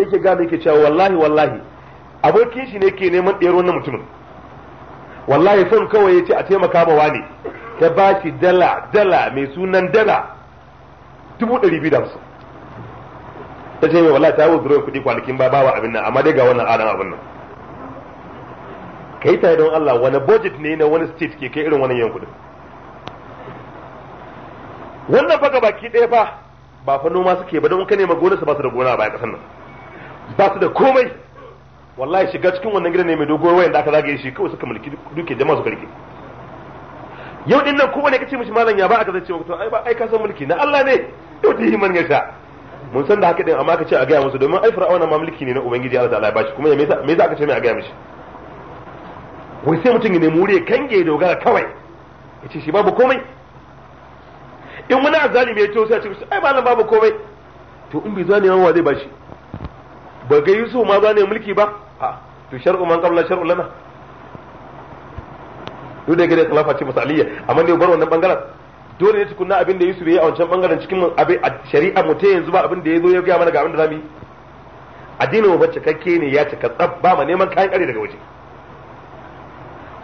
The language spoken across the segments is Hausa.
yake gane yake cewa wallahi wallahi abokin shi ne ke neman ɗero na mutumin wallahi son kawai ya ce a taimaka ma wani ta ba shi dala dala mai sunan dala dubu ɗari biyu da hamsin ta ce mai wallahi ta yi wuzurowar kuɗi kwanakin ba bawa abin nan amma dai ga wannan adam abin nan ka yi tare don Allah wani budget ne na wani state ke kai irin wannan yan kuɗin wannan faga baki ɗaya fa ba fa noma suke ba don kane nema gonarsa ba su da gona ba a ƙasar nan ba su da komai wallahi shiga cikin wannan gidan ne mai dogon wayan da aka zagaye shi kawai suka mulki duke jama'a suka rike yau din nan wani kace mishi malam ya ba aka zai ce to ai ba ai ka san mulki na Allah ne to da himan ya sha mun san da haka din amma kace a gaya musu domin ai fir'auna ma mulki ne na ubangiji Allah ta'ala ya bashi kuma me me za ka ce mai a gaya mishi wai sai mutum ne mure wuri kange dogara kawai ya shi babu komai in wani azalimi ya ce sai a ce ai malam babu komai to in bai zo neman wa zai bashi ba ga Yusuf ma za ne mulki ba a to shar'u man qabla shar'u lana duk da gidan kalafa ce masaliyya amma ne bar wannan bangaren dole ne tukunna abin da Yusuf ya yi a wancan bangaren cikin abin a shari'a mu ta yanzu ba abin da ya ya ga mana ga abin da zamu yi addinin mu ba cikakke ne ya cika tsab ba ma neman kayan kare daga waje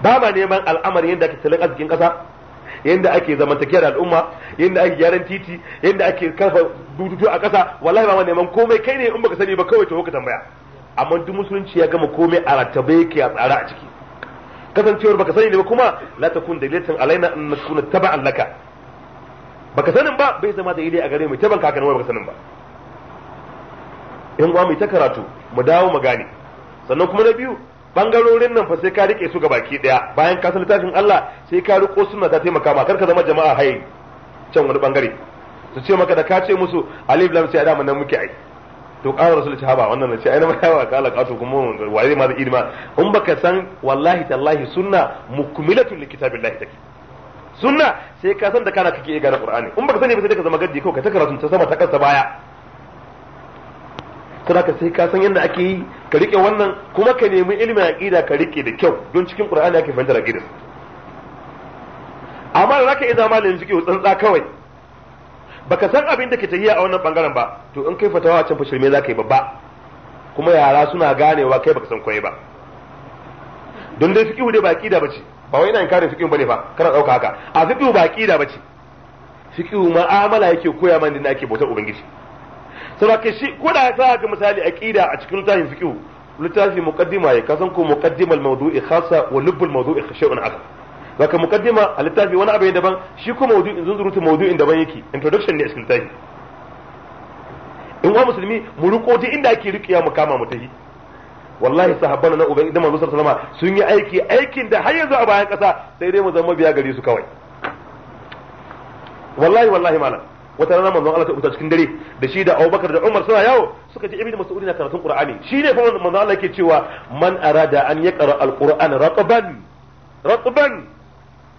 ba ma neman al'amarin yadda tattalin arzikin kasa yanda ake zamantakiyar al'umma yanda ake gyaran titi yanda ake kafa dututu a ƙasa wallahi ba ma neman komai kai ne in baka sani ba kawai to ka tambaya amma duk musulunci ya gama komai a rattabe yake a tsara a ciki kasancewar baka sani ne ba kuma la takun dalilatan alaina an nakuna taba'an laka baka sanin ba bai zama dalili a gare mu taban kakan wai baka sanin ba in uwa mai ta karatu mu dawo mu gane sannan kuma na biyu bangarorin nan fa sai ka rike su baki daya bayan ka san littafin Allah sai ka riko sunna ta taimaka ma kar ka zama jama'a hayi can wani bangare su ce maka da ka ce musu alif lam sai adamu nan muke ai to qala rasul haba wannan ne ce ai na mai wa kala qatu kuma waye ma da ilma um baka san wallahi tallahi sunna mukmilatul likitabillahi take sunna sai ka san da kana kake ga na qur'ani in baka sani ba sai ka zama gaddi ko ka ta karatu ta sama ta kasa baya saboda ka sai ka san yadda ake yi ka rike wannan kuma ka nemi ilimin aqida ka rike da kyau don cikin qur'ani ake fahimtar aqida amma da zaka iya yanzu fiqh tsantsa kawai baka san abin da ke tafiya a wannan bangaren ba to in kai fatawa can za zaka yi babba kuma yara suna ganewa kai baka san koyi ba don dai fiqh dai ba aqida bace ba wai ina inkarin fiqh bane fa kana dauka haka a fiqh ba aqida bace fiqh ma'amala yake koya man din ake bautar ubangiji ka shi ko da za ga misali aqida a cikin littafin fiqh littafi muqaddima ya kasan ko al mawdu'i khassa wa al mawdu'i shay'un akhar zaka muqaddima a littafi wani abu daban shi ko mawdu'in zunzurutu mawdu'in daban yake introduction ne a cikin littafi in wa musulmi mu riko duk inda ake rikiya mu kama mu tahi wallahi sahabban na uban idan manzo sallama sun yi aiki aikin da har yanzu a bayan kasa sai dai mu zama biya gare su kawai wallahi wallahi malam wata rana manzon Allah ta cikin dare da shi da Abubakar da Umar suna yawo suka ji Ibnu Mas'ud na karatun Qur'ani shine fa manzon Allah yake cewa man arada an yaqra al-Qur'an ratban ratban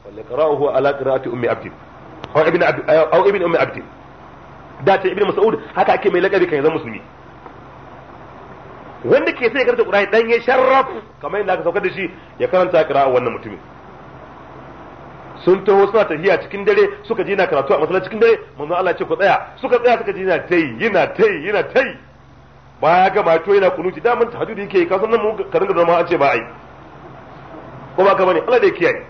wal yaqra'uhu ala qira'ati ummi abdi aw ibn abdi aw ibn ummi abdi da ta Ibnu Mas'ud haka ake mai lakabi kan zan musulmi wanda ke sai karanta Qur'ani dan ya sharraf kamar yadda aka saukar da shi ya karanta qira'a wannan mutumin sun taho suna tafiya cikin dare suka je na karatu a masallaci cikin dare manzo Allah ce ku tsaya suka tsaya suka je na tayi yana tai yana tayi baya gama to yana kunuci da mun tahajjudi yake ka san nan mu karin da ma an ce ba ai ko ba ka bane Allah da kiyaye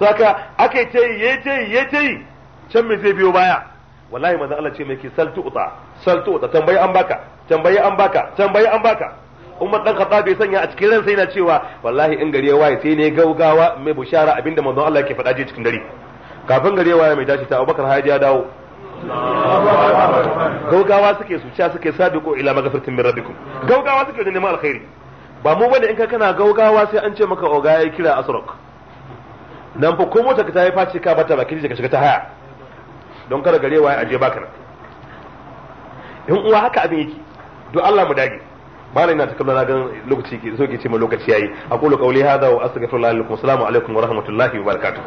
saka ake tai ye tai ye tai can me zai biyo baya wallahi manzo Allah ce mai ki saltu uta saltu uta tambayi an baka tambayi an baka tambayi an baka Umar dan Khattab bai sanya a cikin ransa yana cewa wallahi in gari ya waye sai ne gaugawa mai bushara abinda manzo Allah yake faɗa je cikin dare kafin gari ya waye mai tashi ta Abubakar Haji ya dawo gaugawa suke su ca suke sabiqu ila magfiratin min rabbikum gaugawa suke da neman alkhairi ba mu bane in ka kana gaugawa sai an ce maka oga ya kira asrok nan fa ko mota ka ta yi face ka bata baki ka shiga ta haya don kada gare waye aje baka nan in uwa haka abin yake Do Allah mu dage ba na ina ta lokaci ke so ke ce ma lokaci yayi aqulu qawli hadha wa astaghfirullah lakum assalamu alaikum wa rahmatullahi wa barakatuh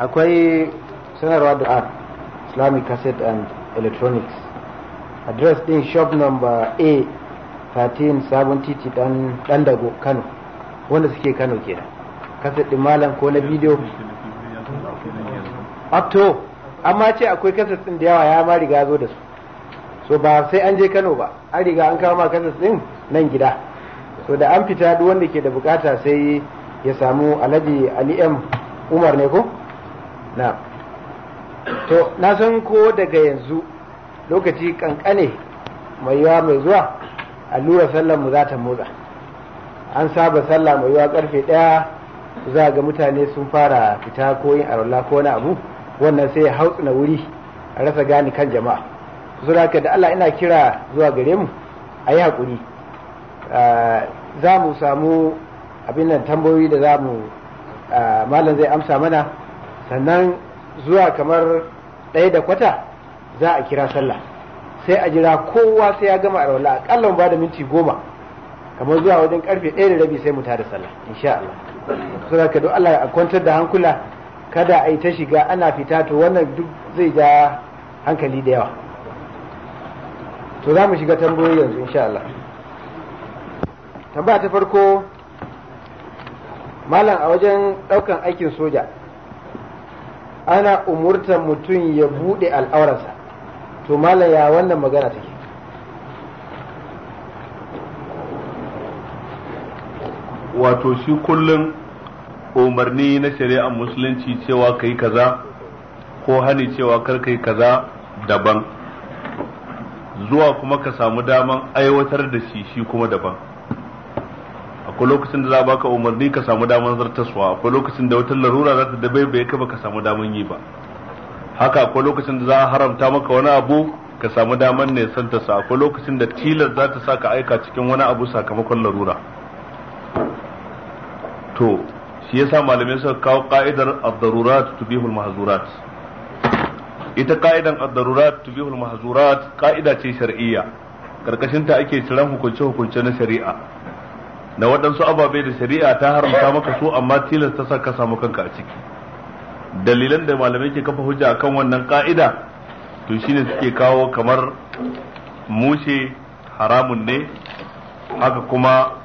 akwai sanarwa da islamic cassette and electronics address din shop number a 13 sabon titi dan wanda suke Kano kenan kaset din malam ko na bidiyo apto ah, amma ce akwai kaset din da yawa ya ma riga zo da su so ba sai an je Kano ba an riga an kawo ma kaset din nan gida so da an fita duk wanda ke da bukata sai ya samu Alhaji Ali M Umar ne ko na to na san ko daga yanzu lokaci kankane mai yawa mai zuwa allura sallar mu za ta motsa an saba sallah mai yiwa karfe ɗaya za ga mutane sun fara fita ko yin arola ko wani abu wannan sai ya tsina wuri a rasa gani kan jama'a su da da Allah ina kira zuwa gare mu a yi haƙuri za mu samu abin nan tambayoyi da za mu malam zai amsa mana sannan zuwa kamar ɗaya da kwata za a kira sallah sai a jira kowa sai ya gama a rola mu ba da minti goma kamar zuwa wajen karfe ɗaya da rabi sai mu tare sallah insha Allah saboda ka don Allah ya kwantar da hankula kada a yi ta shiga ana fita to wannan duk zai ja hankali da yawa to za mu shiga tambayoyi yanzu insha Allah tambaya ta farko malam a wajen ɗaukan aikin soja ana umurtar mutum ya buɗe al'aurarsa to malam ya wannan magana take wato shi kullum umarni na shari'ar musulunci cewa kai kaza ko hani cewa kar kai kaza daban zuwa kuma ka samu daman aiwatar da shi shi kuma daban akwai lokacin da za baka umarni ka samu daman zartaswa akwai lokacin da wata larura za ta dabe bai ka baka samu daman yi ba haka akwai lokacin da za a haramta maka wani abu ka samu daman ne santa sa akwai lokacin da tilar za ta sa ka aika cikin wani abu sakamakon larura to shi yasa malamai suka kawo ka'idar ad-darurat tubihul mahzurat ita ka'idan ad-darurat tubihul mahzurat ka'ida ce shar'iyya karkashin ta ake ciran hukunce hukunce na shari'a na waɗansu ababe da shari'a ta haramta maka su amma tilasta sa ka samu kanka a ciki dalilan da malamai ke kafa hujja akan wannan ka'ida to shine suke kawo kamar mushe haramun ne haka kuma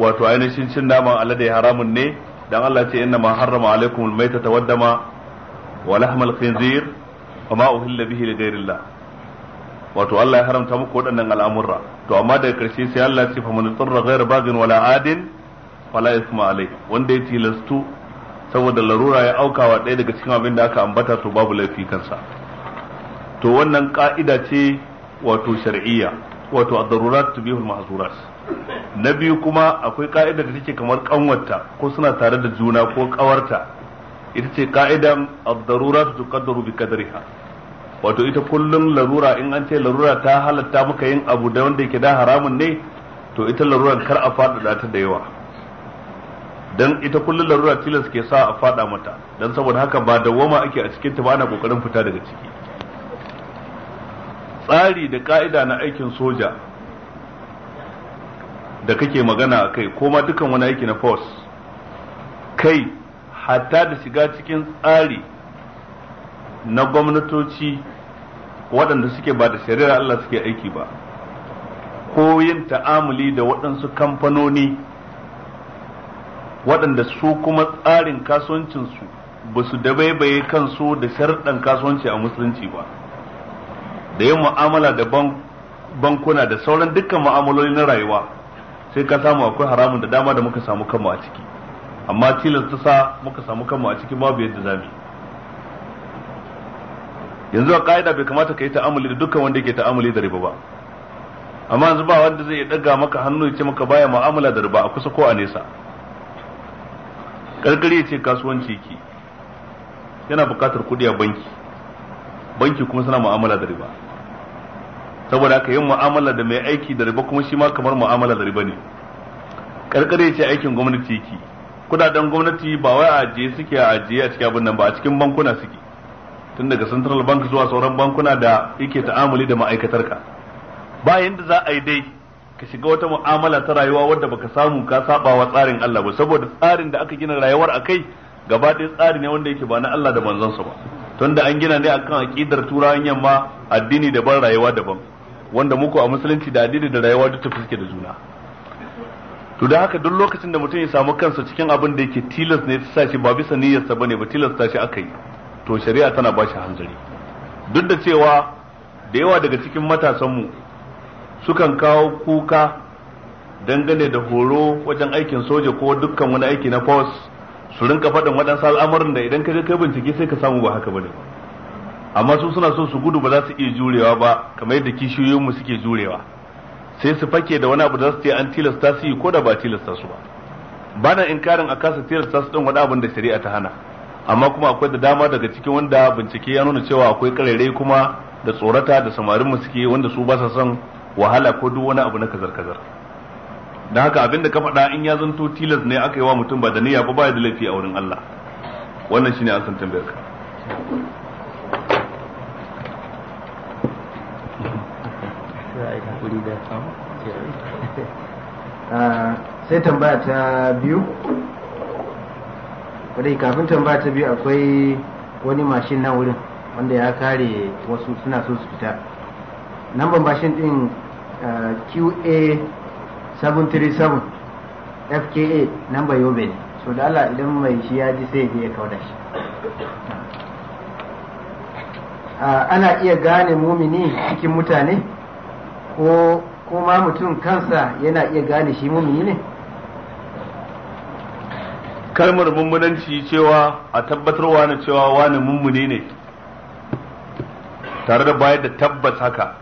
wato ainihin cin naman alade haramun ne dan Allah ce inna ma harrama alaikum almayta tawaddama wa lahmal khinzir wa ma uhilla bihi li wato Allah ya haramta muku waɗannan al'amurra to amma daga ƙarshe sai Allah ce fa man tsarra ghayra bagin wala adin fala isma alai wanda ya tilastu saboda larura ya aukawa ɗaya daga cikin abin da aka ambata to babu laifi kansa to wannan ka'ida ce wato shar'iyya wato ad-darurat tubihul mahzurat na biyu kuma akwai ka'idar da take kamar kanwarta ko suna tare da juna ko kawarta ita ce ka'idan ad-darura tuqaddaru bi qadriha wato ita kullum larura in an ce larura ta halatta muka yin abu da wanda yake da haramun ne to ita larura kar a faɗaɗa ta da yawa dan ita kullum larura tilas ke sa a fada mata dan saboda haka ba dawwama ake a cikin ta ba ana kokarin fita daga ciki tsari da ka'ida na aikin soja da kake magana a kai ko ma dukan wani aiki na force kai hatta da shiga cikin tsari na gwamnatoci waɗanda suke ba da shari'ar Allah suke aiki ba ko yin ta'amuli da waɗansu kamfanoni waɗanda su kuma tsarin kasuwancinsu ba su dabaibaye kansu da sharɗan kasuwanci a musulunci ba da yin mu'amala da bankuna da sauran dukkan mu'amaloli na rayuwa sai ka samu akwai haramun da dama da muka samu kanmu a ciki amma tilas sa muka samu kanmu a cikin babu yadda zamu yanzu a ka'ida bai kamata ka yi ta'amuli da dukkan wanda yake ta'amuli da riba ba amma yanzu ba wanda zai daga maka hannu ya ce maka baya mu'amala da riba a kusa ko a nesa karkari ya ce kasuwanci yake yana bukatar kuɗi a banki banki kuma suna mu'amala da riba saboda haka yin mu'amala da mai aiki da riba kuma shi ma kamar mu'amala da riba ne karkare ce aikin gwamnati yake kudaden gwamnati ba wai a ajiye suke a ajiye a cikin abin nan ba a cikin bankuna suke tun daga central bank zuwa sauran bankuna da yake ta'amuli da ma'aikatar ka ba yanda za a yi dai ka shiga wata mu'amala ta rayuwa wadda baka samu ka saba wa tsarin Allah ba saboda tsarin da aka gina rayuwar akai gaba ɗaya tsari ne wanda yake ba na Allah da manzansa ba tunda an gina ne akan aqidar turawan yamma addini daban rayuwa daban wanda muku a musulunci da da rayuwa duk tafi suke da juna to da haka duk lokacin da mutum ya samu kansa cikin abin da yake tilas ne ta shi ba bisa niyyarsa bane ba tilasta shi aka yi to shari'a tana bashi hanzari duk da cewa da yawa daga cikin matasan mu sukan kawo kuka dangane da horo wajen aikin soja ko dukkan wani aiki na force su rinka faɗin waɗansu al'amarin da idan ka je kai bincike sai ka samu ba haka bane ba amma su suna so su gudu ba za su iya jurewa ba kamar yadda kishiyoyinmu suke jurewa sai su fake da wani abu da za su ce an tilasta su yi ko da ba tilasta su ba ba na inkarin a kasa tilasta su din wani abin da shari'a ta hana amma kuma akwai da dama daga cikin wanda bincike ya nuna cewa akwai karere kuma da tsorata da samarin mu suke wanda su ba sa son wahala ko duk wani abu na kazar kazar dan haka abinda ka faɗa in ya zanto tilas ne aka yi wa mutum ba da niyya ba ba da laifi a wurin Allah wannan shine asan tambayar ka hankali da ah, sai tambaya ta biyu wadai kafin tambaya ta biyu akwai wani mashin na wurin wanda ya kare wasu suna so su fita namban mashin din qa 737 fka namba yobe ne so da allah idan mai shi ya ji sai ya da shi ah, ana iya gane mumini cikin mutane ko kuma mutum kansa yana iya gane shi mumini ne kalmar mummunanci cewa a tabbatarwa na cewa wani mummuni ne tare da bayar da tabbas haka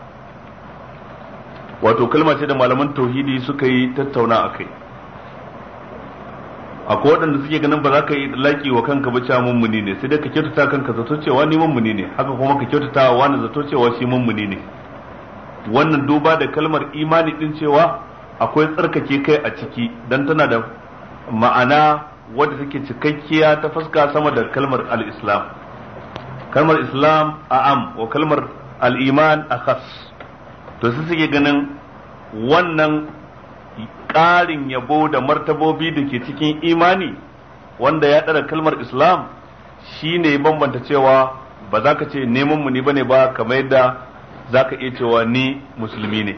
wato kalma ce da malaman tauhidi suka yi tattauna a kai ko waɗanda suke ganin ba za ka yi laƙi wa kanka ba cewa mummuni ne sai dai ka kyautata kanka zato cewa ni mummuni ne haka kuma ka kyautata wani zato cewa shi mummuni ne wannan duba da kalmar imani din cewa akwai tsarkake kai a ciki dan tana da ma'ana wadda take cikakkiya ta fuska sama da kalmar al-islam kalmar islam a'am wa kalmar al-iman akhas to sai suke ganin wannan ƙarin yabo da martabobi da ke cikin imani wanda ya ɗara kalmar islam shine bambanta cewa ba za ka ce neman mu ne bane ba kamar yadda Za ka iya cewa ni musulmi ne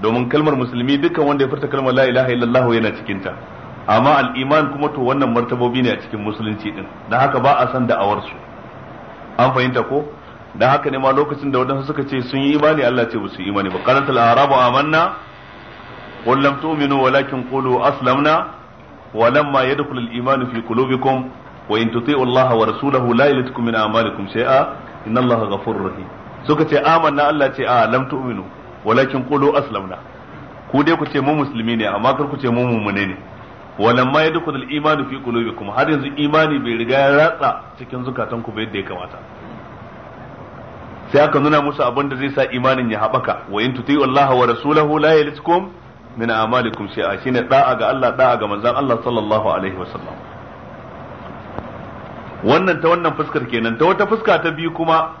domin kalmar musulmi dukkan wanda ya furta kalmar la ilaha illallah yana cikin ta amma al'iman kuma to wannan martabobi ne a cikin musulunci din dan haka ba a san da'awar su an fahimta ko dan haka ne ma lokacin da wadansu suka ce sun yi imani Allah ce su imani ba qalatul arabu amanna qul lam tu'minu walakin qulu aslamna walamma yadkhulul imanu fi qulubikum wa in tuti'u Allah wa rasulahu la yalitkum min a'malikum shay'a inna Allah ghafurur rahim suka ce amanna Allah ce a lam tu'minu walakin qulu aslamna ku dai ku ce mu musulmi ne amma kar ku ce mu mumune ne walamma al imanu fi qulubikum har yanzu imani bai riga ya ratsa cikin zukatan ku ba yadda ya kamata sai aka nuna musu abin da zai sa imanin ya haɓaka wa in tuti'u Allah wa rasulahu la yalitkum min amalikum shay'a shine da'a ga Allah da'a ga manzon Allah sallallahu alaihi wasallam wannan ta wannan fuskar kenan ta wata fuska ta biyu kuma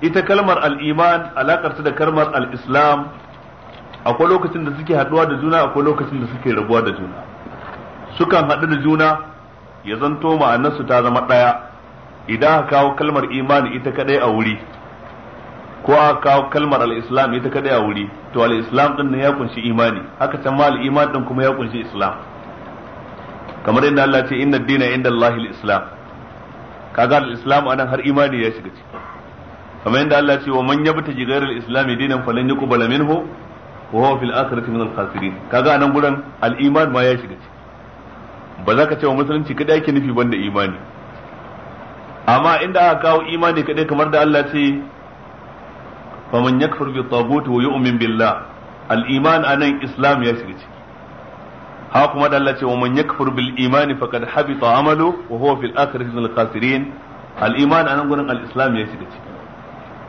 ita kalmar al-iman alakarta da kalmar al-islam akwai lokacin da suke haduwa da juna akwai lokacin da suke rabuwa da juna sukan haɗu da juna ya zanto ma'anarsu ta zama ɗaya idan aka kawo kalmar imani ita kadai a wuri ko aka kawo kalmar al-islam ita kadai a wuri to al-islam din ya kunshi imani haka can ma al-iman din kuma ya kunshi islam kamar yadda Allah ce inna dina inda Allah al-islam kaga al-islam anan har imani ya shiga ciki kamar yadda Allah ce wa man jigar al-islam dinan falan yuqbala minhu wa huwa fil akhirati min al khasirin kaga anan guran al iman ma ya shiga ba za ka ce wa musulunci kada yake nufi banda imani amma inda aka kawo imani kadai kamar da Allah ce man yakfur bi tagut wa yu'min billah al iman anan islam ya shiga ha kuma da Allah ce wa man yakfur bil imani faqad habita amalu wa huwa fil akhirati min al khasirin al iman anan guran al islam ya shiga ciki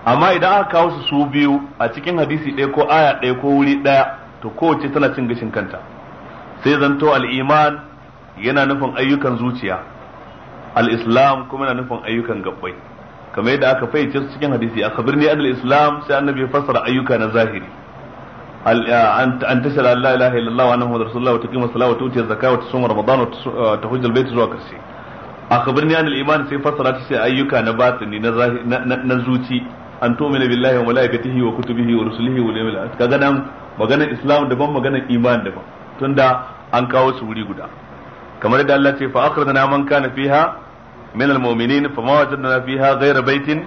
amma idan aka kawo su su biyu a cikin hadisi ɗaya ko aya ɗaya ko wuri ɗaya to kowace tana cin gashin kanta sai zanto al'iman yana nufin ayyukan zuciya al'islam kuma yana nufin ayyukan gabbai kamar yadda aka fayyace su cikin hadisi a kabir ne islam sai annabi ya fassara ayyuka na zahiri an tashar Allah ilaha illallah wa annahu rasulullah wa taqima salat wa tuti zakat wa tusum ramadan wa uh, tahujj bai ta zuwa karshe a kabir ne iman sai fassara ta sai ayyuka na batini na na zuci an tu'mina billahi wa malaikatihi wa kutubihi wa rusulihi wa yawmil akhir kaga nan maganar islam daban maganar iman daban tunda an kawo su wuri guda kamar da Allah ce fa akhrajna man kana fiha min almu'minin fa ma wajadna fiha ghayra baitin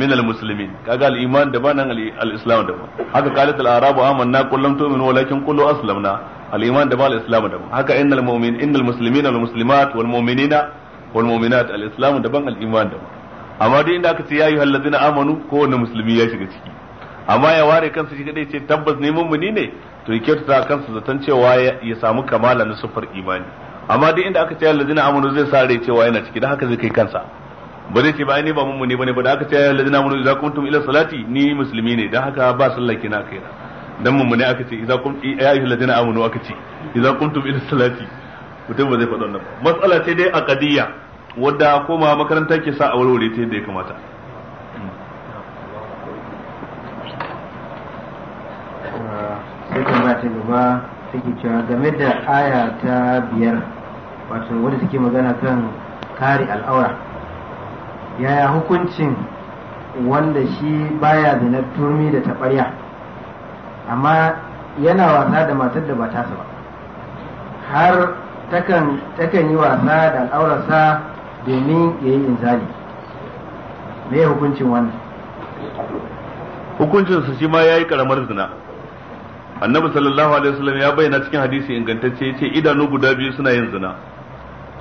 min almuslimin kaga al-iman daban nan al-islam daban haka qalat al-arabu amanna kullum tu'minu walakin qulu aslamna al-iman daban al-islam daban haka innal mu'min innal muslimina wal muslimat wal mu'minina wal mu'minat al-islam daban al-iman daban amma duk inda aka ce yayi ayyuhal amanu ko kowanne musulmi ya shiga ciki amma ya ware kansa shi kadai ce tabbas ne mummuni ne to ya kyautata kansa zaton cewa ya samu kamala na sufar imani amma duk inda aka ce allazina amanu zai sa rai cewa yana ciki da haka zai kai kansa ba zai ce ba ni ba mummuni bane ba da aka ce allazina amanu idza kuntum ila salati ni musulmi ne dan haka ba sallah kina kai na dan mummuni aka ce idza kuntum ya ayyuhal ladina amanu aka ce idza kuntum ila salati mutum ba zai faɗa wannan ba matsala ce dai a kadiyya. wadda koma makaranta ke sa a warware ta yadda ya kamata sai ta gaba take cewa game da aya ta biyar wato wadda take magana kan kare al'aura yaya hukuncin wanda shi baya da turmi da taɓarya amma yana wasa da matar da ba tasa ba har takan yi wasa da al'aurarsa domin ya yi inzali me ya hukuncin wannan hukuncin su shi ma yi karamar zina annabi sallallahu alaihi wasallam ya bayyana cikin hadisi ingantacce ce idanu guda biyu suna yin zina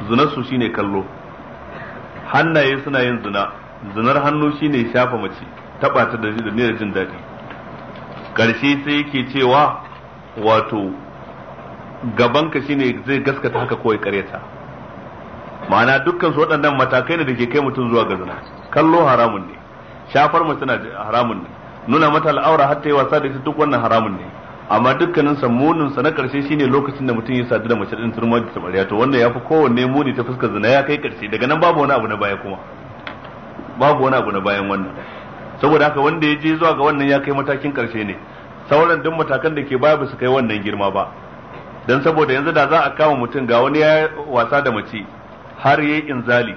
zinar su shine kallo hannaye suna yin zina zinar hannu shine shafa mace taba ta da da jin daɗi karshe sai yake cewa wato gabanka shine zai gaskata haka kawai ya karyata ma'ana dukkan su waɗannan matakai ne da ke kai mutum zuwa ga zina kallo haramun ne shafar mutum haramun ne nuna mata al'aura ta yi wasa da ita duk wannan haramun ne amma dukkanin sa munin sa na karshe shine lokacin da mutum ya sadu da mace din turma da tabariya to ya yafi kowanne muni ta fuskar zina ya kai karshe daga nan babu wani abu na baya kuma babu wani abu na bayan wannan saboda haka wanda ya je zuwa ga wannan ya kai matakin karshe ne sauran duk matakan da ke baya ba su kai wannan girma ba dan saboda yanzu da za a kama mutum ga wani ya wasa da mace har yayi inzali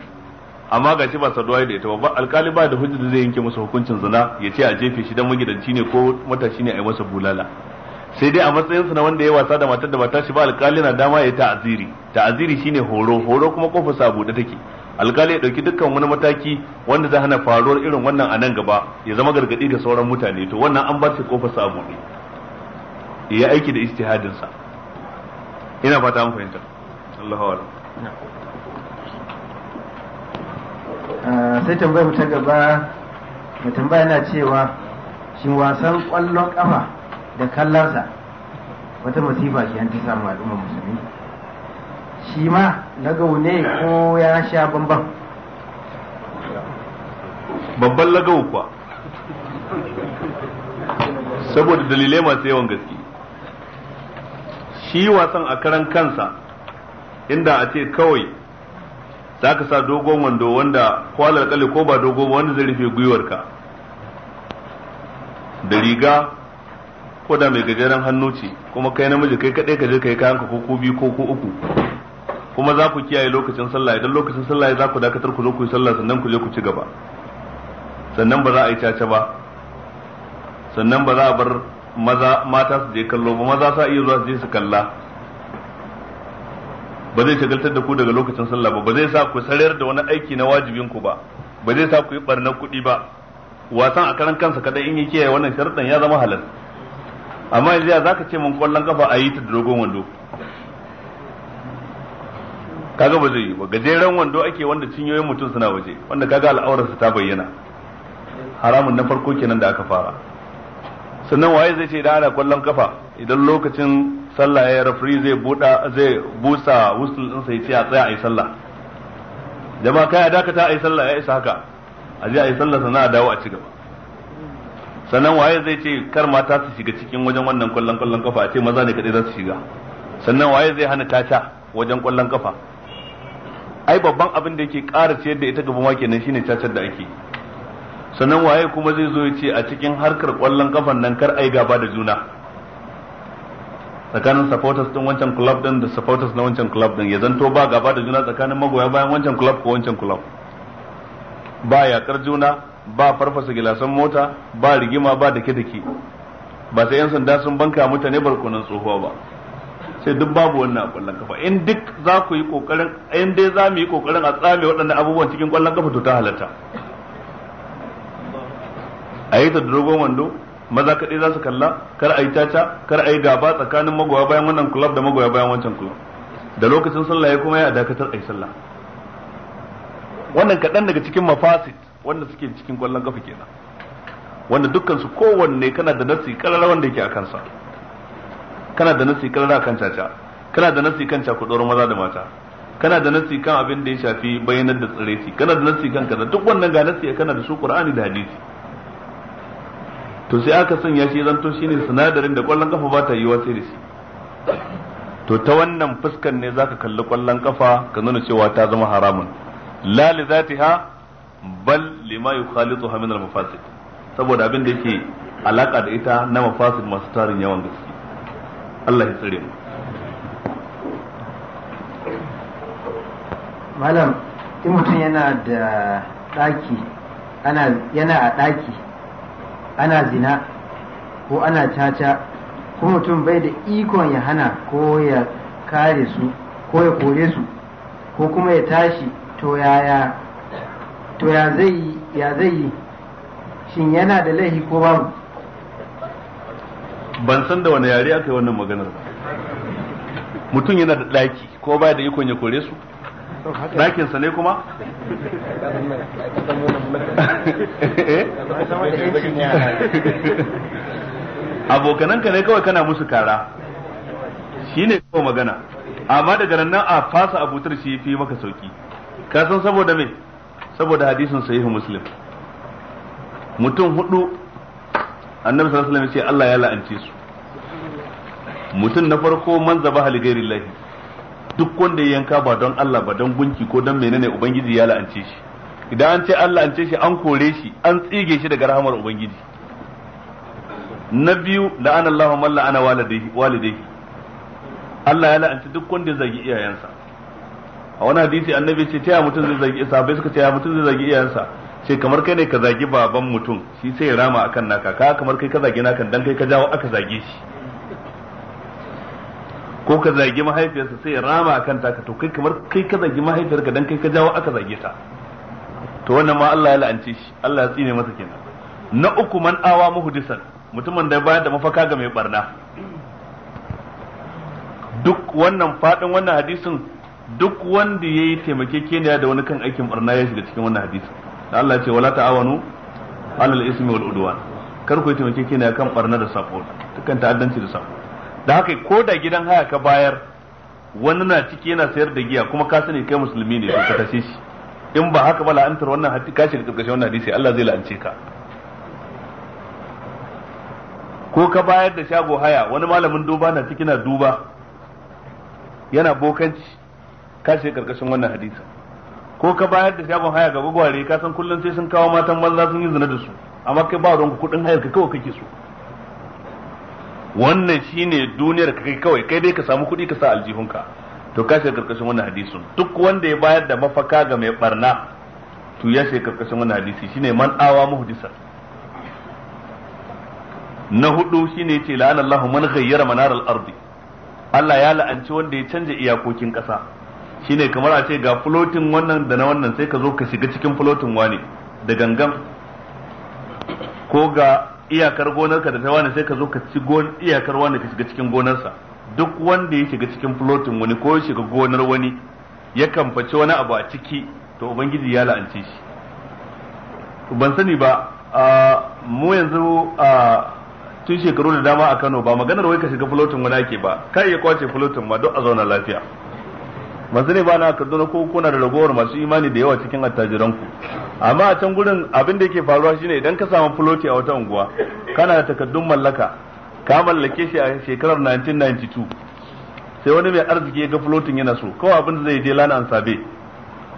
amma ga shi ba saduwa da ita ba alkali ba da hujjar zai yanke masa hukuncin zina ya ce a jefe shi dan magidanci ne ko matashi ne a yi masa bulala sai dai a matsayinsa na wanda ya wasa da matar da matashi ba alkali na dama ya ta'aziri ta'aziri shine horo horo kuma kofa sa bude take alkali ya dauki dukkan wani mataki wanda zai hana faruwar irin wannan a nan gaba ya zama gargadi ga sauran mutane to wannan an bar shi kofa sa bude ya aiki da istihadinsa ina fata an fahimta Ah, sai tambayar mu ta gaba mai tambaya na cewa shin wasan kwallon kafa da kallonsa wata masifa ke an ta samu al'ummar musulmi shi ma na gaune ko ya sha bamban babban lagau kuwa saboda dalilai masu yawan gaske shi wasan a karan kansa inda a ce kawai za ka sa dogon wando wanda kwalar kalli ko ba dogo ba wanda zai rufe gwiwarka da riga ko da mai gajeren hannu ce kuma kai namiji kai kadai ka je kai kayanka ko ko biyu ko ko uku kuma za ku kiyaye lokacin sallah idan lokacin sallah za ku dakatar ku zo ku yi sallah sannan ku je ku ci gaba sannan ba za a yi caca ba sannan ba za a bar maza mata su je kallo ba maza sa iya zuwa su je su kalla ba zai shagaltar da ku daga lokacin sallah ba ba zai sa ku sarayar da wani aiki na wajibin ku ba ba zai sa ku yi barnar kuɗi ba wasan a karan kansa kadai in yi kiyaye wannan sharadin ya zama halal amma yanzu ya zaka ce mun kwallon kafa a yi ta da dogon wando kaga ba zai yi ba gajeren wando ake wanda cinyoyin mutum suna waje wanda kaga al'aurarsa ta bayyana haramun na farko kenan da aka fara sannan waye zai ce idan ana kwallon kafa idan lokacin sallah ya rafri zai buda zai busa wusul din sai ce a tsaya ayi sallah jama'a kai a dakata ayi sallah ya isa haka a je ayi sallah sannan a dawo a ci gaba sannan waye zai ce kar mata su shiga cikin wajen wannan kwallon kwallon kafa a ce maza ne kadai za su shiga sannan waye zai hana caca wajen kwallon kafa ai babban abin da yake ƙara ciyar da ita gaba ma kenan shine cacar da ake sannan waye kuma zai zo ya ce a cikin harkar kwallon kafan nan kar ai gaba da juna tsakanin supporters din wancan club din da supporters na wancan club din ya zanto ba gaba da juna tsakanin magoya bayan wancan club ko wancan club ba yakar juna ba farfasa gilasan mota ba rigima ba dake dake ba sai yan sanda sun banka mutane barkonan tsohuwa ba sai duk babu wannan a kwallon kafa in duk za ku yi kokarin in dai za mu yi kokarin a tsame waɗannan abubuwan cikin kwallon kafa to ta halatta a yi ta dogon wando maza kaɗai za su kalla kar a yi caca kar a yi gaba tsakanin magoya bayan wannan kulab da magoya bayan wancan kulab da lokacin sallah ya kuma ya dakatar a yi sallah wannan kaɗan daga cikin mafasit wanda suke cikin kwallon kafa kenan wanda dukkan su kowanne kana da nasi karara wanda yake a kansa kana da nasi karara kan caca kana da nasi kan cakuɗuwar maza da mata kana da nasi kan abin da ya shafi bayanan da tsareti kana da nasi kan kaza duk wannan ga nasi kana da su qur'ani da hadisi to sai aka sanya shi zanto shine sinadarin da kwallon kafa ba ta yiwa sai da shi to ta wannan fuskan ne zaka kalli kwallon kafa ka nuna cewa ta zama haramun la li zatiha bal lima yukhalituha min al mafasid saboda abin da yake alaka da ita na mafasid masu tarin yawan gaske Allah ya tsare mu malam in mutum yana da daki ana yana a daki ana zina ko ana caca ko mutum bai da ikon ya hana ko ya kare su ko ya kore su ko kuma ya tashi to yaya to ya zai yi ya zai yi shin yana da laifi ko babu ban san da wani yare aka yi wannan maganar ba mutum yana da ɗaki ko baya da ikon ya kore su dakin sa ne kuma eh? abokananka ne kawai kana musu kara shine kawai magana amma daga nan a fasa abutar shi fi maka sauki ka san saboda me saboda hadisin sahihu muslim mutum hudu annabi sallallahu alaihi wasallam ya ce Allah ya la'anci su mutum na farko man zaba haligairillahi duk wanda ya yanka ba don Allah ba don gunki ko don menene ubangiji ya la'ance shi idan an ce an ce shi an kore shi an tsige shi daga rahamar ubangiji na biyu da an Allah ana la'ana walidai Allah ya la'anci duk wanda ya zagi iyayensa a wani hadisi annabi ce ta ya mutum zai zagi bai suka ce ya mutum zai zagi iyayensa ce kamar kai ne ka zagi baban mutum shi sai ya rama akan naka ka kamar kai ka zagi nakan dan kai ka jawo aka zage shi ko ka zagi mahaifiyarsa sai ya rama akan ka to kai kamar kai ka zagi mahaifiyarka dan kai ka jawo aka zage ta to wannan ma Allah ya la'ance shi Allah ya tsine masa kenan na uku man awa muhdisan mutumin da bayar da mafaka ga mai barna duk wannan fadin wannan hadisin duk wanda yayi taimakekeniya da wani kan aikin barna ya shiga cikin wannan hadisin da Allah ya ce wala ta'awanu alal ismi wal udwan kar ku yi taimakekeniya kan barna da sako kan ta'addanci da sako da haka ko da gidan haya ka bayar wani na ciki yana sayar da giya kuma ka sani kai musulmi ne to ka tashe shi in ba haka ba la'antar wannan hadisi ka shiga karkashin wannan hadisi Allah zai la'ance ka ko ka bayar da shago haya wani malamin duba na ciki na duba yana bokanci ka shiga karkashin wannan hadisi ko ka bayar da shagon haya ga gwagware ka san kullum sai sun kawo matan banza sun yi zina da su amma kai ba ruwan kuɗin hayar ka kawai kake so wannan shine duniyar ka kai kawai kai dai ka samu kuɗi ka sa aljihunka to ka shiga karkashin wannan hadisin duk wanda ya bayar da mafaka ga mai barna to ya shi karkashin wannan hadisi shine man awa muhdisa na hudu shine yace la'an Allah man ghayyara manar al-ardi Allah ya la'anci wanda ya canja iyakokin ƙasa shine kamar a ce ga floating wannan da na wannan sai ka zo ka shiga cikin floating wane da gangan ko ga iyakar gonarka da ta wani sai ka zo ka ci gon iyakar wani ka shiga cikin gonarsa duk wanda ya shiga cikin flotin wani ko ya shiga gonar wani ya kamfaci wani abu a ciki to ubangiji ya la'ance shi ban sani ba mu yanzu tun shekaru da dama a Kano ba maganar wai ka shiga flotin wani ake ba kai ya kwace flotin ma duk a zauna lafiya masu ba na kaduna ko kuna da ragowar masu imani da yawa cikin attajiranku amma a can gurin abin da yake faruwa shine idan ka samu fuloti a wata unguwa kana da takaddun mallaka ka mallake shi a shekarar 1992 sai wani mai arziki ya ga fulotin yana so kawai abin da zai je lana an sabe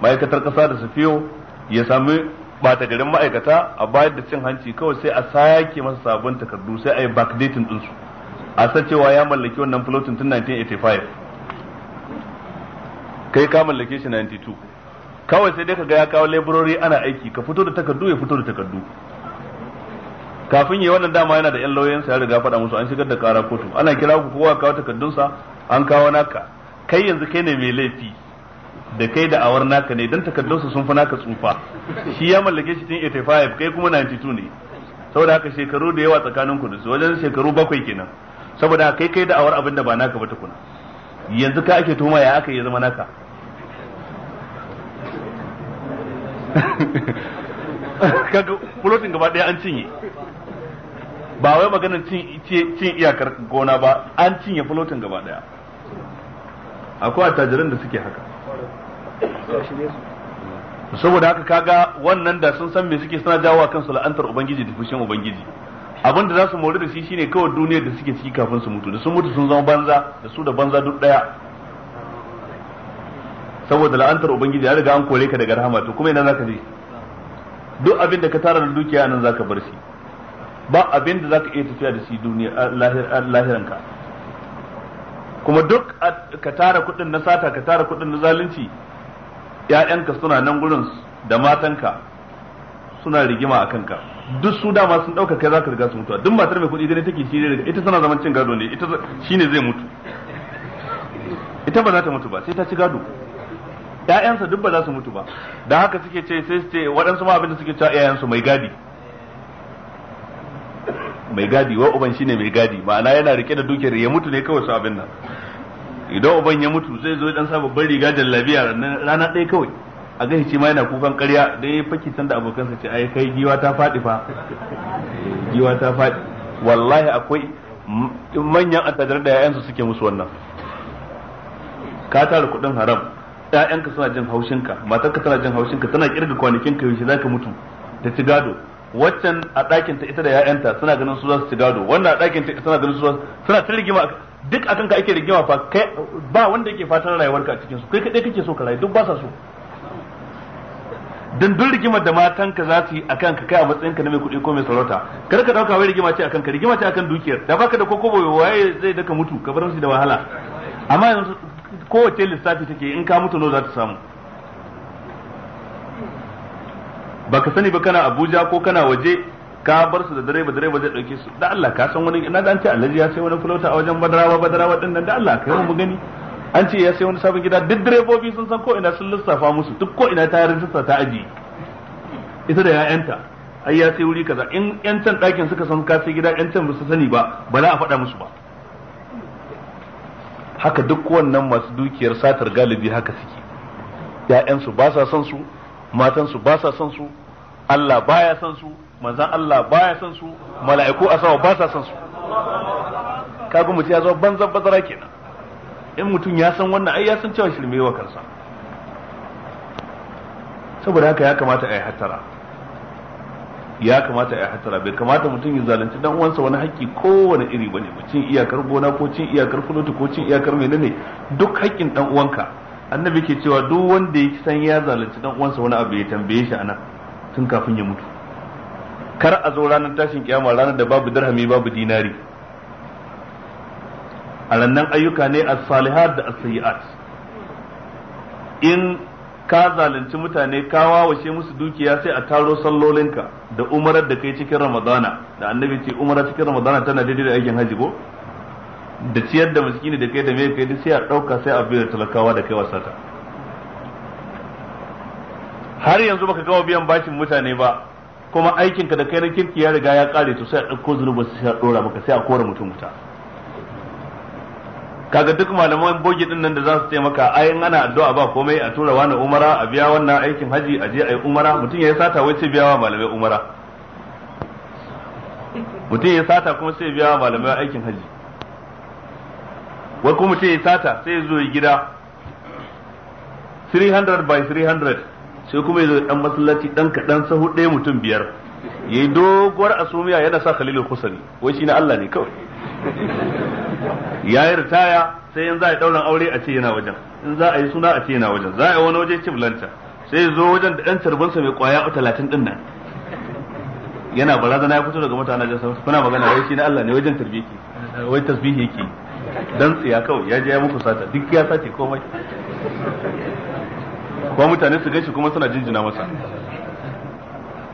ma'aikatar kasa da safiyo ya sami bata garin ma'aikata a bayar da cin hanci kawai sai a sake masa sabon takardu sai a yi backdating ɗinsu a san cewa ya mallaki wannan fulotin tun 1985 kai ka mallake shi 92 kawai sai dai ka ga ya kawo laborori ana aiki ka fito da takardu ya fito da takardu kafin yi wannan dama yana da yan lauyan sa ya riga faɗa musu an shigar da ƙara kotu ana kira ku kowa kawo sa an kawo naka kai yanzu kai ne mai laifi da kai da awar naka ne dan sa sun fi naka tsufa shi ya mallake shi tun 85 kai kuma 92 ne saboda haka shekaru da yawa tsakanin ku da su wajen shekaru bakwai kenan saboda kai kai da awar abin da ba naka ba tukuna yanzu ka ake tuhuma ya aka yi zama naka kaga fulotin gaba daya an cinye ba wai maganar cin iyakar gona ba an cinye fulotin gaba daya akwai attajiran da suke haka saboda haka kaga wannan da sun san me suke suna jawo kansu la'antar ubangiji da fushin ubangiji abin da za su mori da shi shine kawai duniyar da suke ciki kafin su mutu da sun mutu sun zama banza da su da banza duk daya saboda la'antar ubangiji ya riga an kore ka daga rahama to kuma ina zaka je duk abin da ka tara da dukiya nan zaka bar shi ba abin da zaka iya tafiya da shi duniya lahiranka kuma duk ka tara kudin na sata ka tara kudin na zalunci ƴaƴanka suna nan gurin da matanka suna rigima a kanka duk su dama sun dauka kai zaka riga su mutuwa duk matar mai kuɗi gani take shi ne ita tana zaman cin gado ne ita shine zai mutu ita ba za ta mutu ba sai ta ci gado ƴaƴansa duk ba za su mutu ba da haka suke ce sai su ce waɗansu ma abinda suke cewa ƴaƴansu mai gadi mai gadi wa uban shine mai gadi ma'ana yana rike da dukiyar ya mutu ne kawai su abin nan idan uban ya mutu zai zo dan sa babban riga labiya ranar ɗaya kawai a gani shi ma yana kukan ƙarya dai ya faki can da abokansa ce ai kai giwa ta faɗi fa giwa ta faɗi wallahi akwai manyan attajar da yayansu suke musu wannan ka tara kuɗin haram ƴaƴanka suna jin haushinka matarka tana jin haushinka tana kirga kwanakin ka yaushe zaka mutu ta ci gado waccan a ɗakin ta ita da ƴaƴanta suna ganin su za su ci gado wannan a ɗakin ta suna ganin su za suna ta rigima duk akan ka ake rigima fa kai ba wanda yake fatan rayuwarka a cikin su kai kadai kake so ka rayu duk ba sa so dan duk rigimar da matanka za su yi akan ka kai a matsayin ka na mai kuɗi ko mai sarauta kar ka dauka wai rigima ce akan ka rigima ce akan dukiyar da baka da kokobo waye zai daka mutu ka bar musu da wahala amma yanzu kowace lissafi take in ka mutu no za ta samu ka sani ba kana Abuja ko kana waje ka bar su da direba direba zai dauke su da Allah ka san wani ina da an ce Alhaji ya sai wani fulauta a wajen Badarawa Badarawa din nan da Allah kai mu gani an ce ya sai wani sabon gida duk direbobi sun san ko ina sun lissafa musu duk ko ina ta rijista ta aji ita da ya'yanta ai ya sai wuri kaza in yan can ɗakin suka san ka sai gida yan can ba su sani ba ba za a faɗa musu ba haka duk wannan masu dukiyar satar galibi haka suke ya'yansu ba sa son su matansu ba sa son su Allah baya son su manzan Allah baya son su mala'iku a sama ba sa son su kaga mutum ya zo banzan bazara kenan in mutum ya san wannan ai ya san cewa shirme wa kansa saboda haka ya kamata a yi hattara ya kamata a yi hattara bai kamata mutum ya zalunci dan uwansa wani haƙƙi kowane iri bane cin iyakar gona ko cin iyakar fulotu ko cin iyakar menene duk haƙƙin dan uwanka annabi ke cewa duk wanda ya san ya zalunci dan uwansa wani abu ya tambaye shi anan tun kafin ya mutu kar a zo ranar tashin kiyama ranar da babu dirhami babu dinari rannan ayyuka ne a salihat da a in ka zalunci mutane ka wawashe musu dukiya sai a taro sallolinka da umarar da kai cikin ramadana da annabi ce umara cikin ramadana tana daidai da aikin haji ko da ciyar da miskini da kai da me kai sai a dauka sai a biya talakawa da kai wasata har yanzu baka gama biyan bashin mutane ba kuma aikinka da kai na kirki ya riga ya kare to sai a dauko zunubi sai a dora maka sai a kora mutum mutane kaga duk malaman bogi din nan da za su ce maka ayin ana addu'a ba komai a tura wani umara a biya wannan aikin haji a je a yi umara mutum ya yi sata wai sai biya wa malamai umara mutum ya sata kuma sai biya wa malamai aikin haji wai kuma mutum ya sata sai ya zo ya gida 300 by 300 sai kuma ya zo dan masallaci dan kadan sahu ɗaya mutum biyar yayi doguwar asumiya yana sa khalilul husani wai shi na Allah ne kawai ya yi ritaya sai in za a yi ɗaurin aure a ce yana wajen in za a yi suna a ce yana wajen za a yi wani waje cif lanta sai zo wajen da ɗan tarbinsa mai ƙwaya talatin ɗin nan yana barazana ya fito daga mutane da sauransu kuna magana wai shi na Allah ne wajen tarbiki wai tasbihi yake dan tsiya kawai ya je ya muku sata duk ya sace komai ko mutane su gaishe kuma suna jinjina masa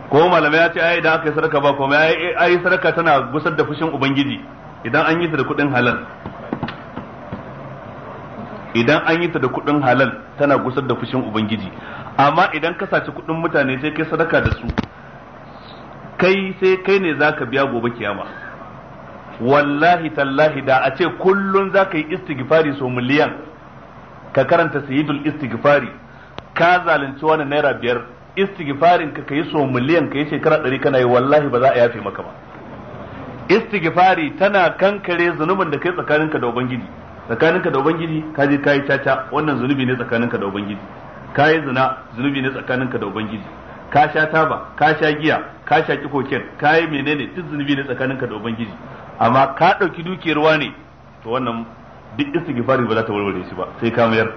ko malamai ya ce ai idan aka yi sadaka ba komai ai sadaka tana gusar da fushin ubangiji idan an yi ta da kuɗin halal idan an yi ta da kudin halal tana gusar da fushin ubangiji amma idan ka saci kuɗin mutane sai kai sadaka da su kai sai kai ne zaka biya gobe kiyama wallahi tallahi da a ce kullun zaka yi istighfari so miliyan ka karanta sayyidul istighfari ka zalunci wani naira biyar istighfarin ka kai so miliyan ka shekara ɗari kana yi wallahi ba za a yafe maka ba istighfari tana kankare zunubin da kai tsakaninka da ubangiji tsakaninka da ubangiji ka je kai caca wannan zunubi ne tsakaninka da ubangiji kai zina zunubi ne tsakaninka da ubangiji ka sha taba ka sha giya ka sha kikokin kai menene duk zunubi ne tsakaninka da ubangiji amma ka dauki dukiyar wani to wannan duk istighfari ba za ta warware shi ba sai ka mayar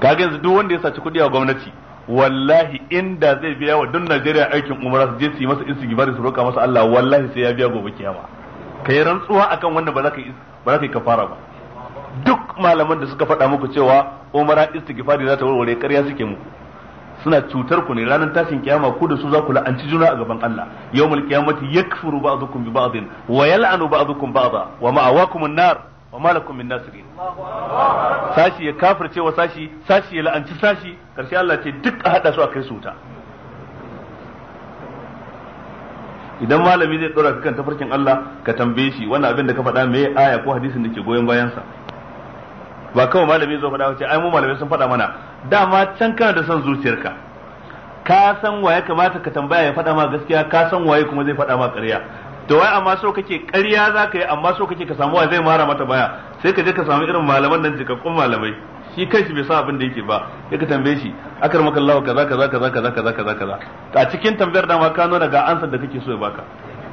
kaga yanzu duk wanda ya saci kudi a gwamnati wallahi inda zai biya wa duk Najeriya aikin umara su je su yi masa istighfari su roka masa Allah wallahi sai ya biya gobe kiyama kai rantsuwa akan wanda ba za ka yi ba za ka yi kafara ba duk malaman da suka faɗa muku cewa umara istighfari za ta warware ƙarya suke muku suna cutar ku ne ranar tashin kiyama ku da su za ku la'anci juna a gaban Allah yawmul kiyamati yakfuru ba'dukum bi ba'din wa yal'anu ba'dukum ba'da wa ma'awakumun nar wa malakum min nasirin sashi ya kafirce wa sashi sashi ya la'anci sashi karshe Allah ce duk a hada su a kai su wuta idan malami zai tsora kan tafarkin Allah ka tambaye shi wannan abin da ka faɗa me aya ko hadisin da ke goyon bayan sa ba kawai malami zai faɗa ce ai mu malamai sun faɗa mana dama can kana da son zuciyarka ka san waye kamata ka tambaya ya faɗa ma gaskiya ka san waye kuma zai faɗa ma ƙarya to wai amma so kake ƙarya za ka yi amma so kake ka samu wa zai mara mata baya sai ka je ka samu irin malaman nan jikakkun malamai shi kanshi bai sa abin da yake ba sai ka tambaye shi akar maka Allah kaza kaza kaza kaza kaza kaza kaza a cikin tambayar da ma ka nuna ga ansar da kake so ya baka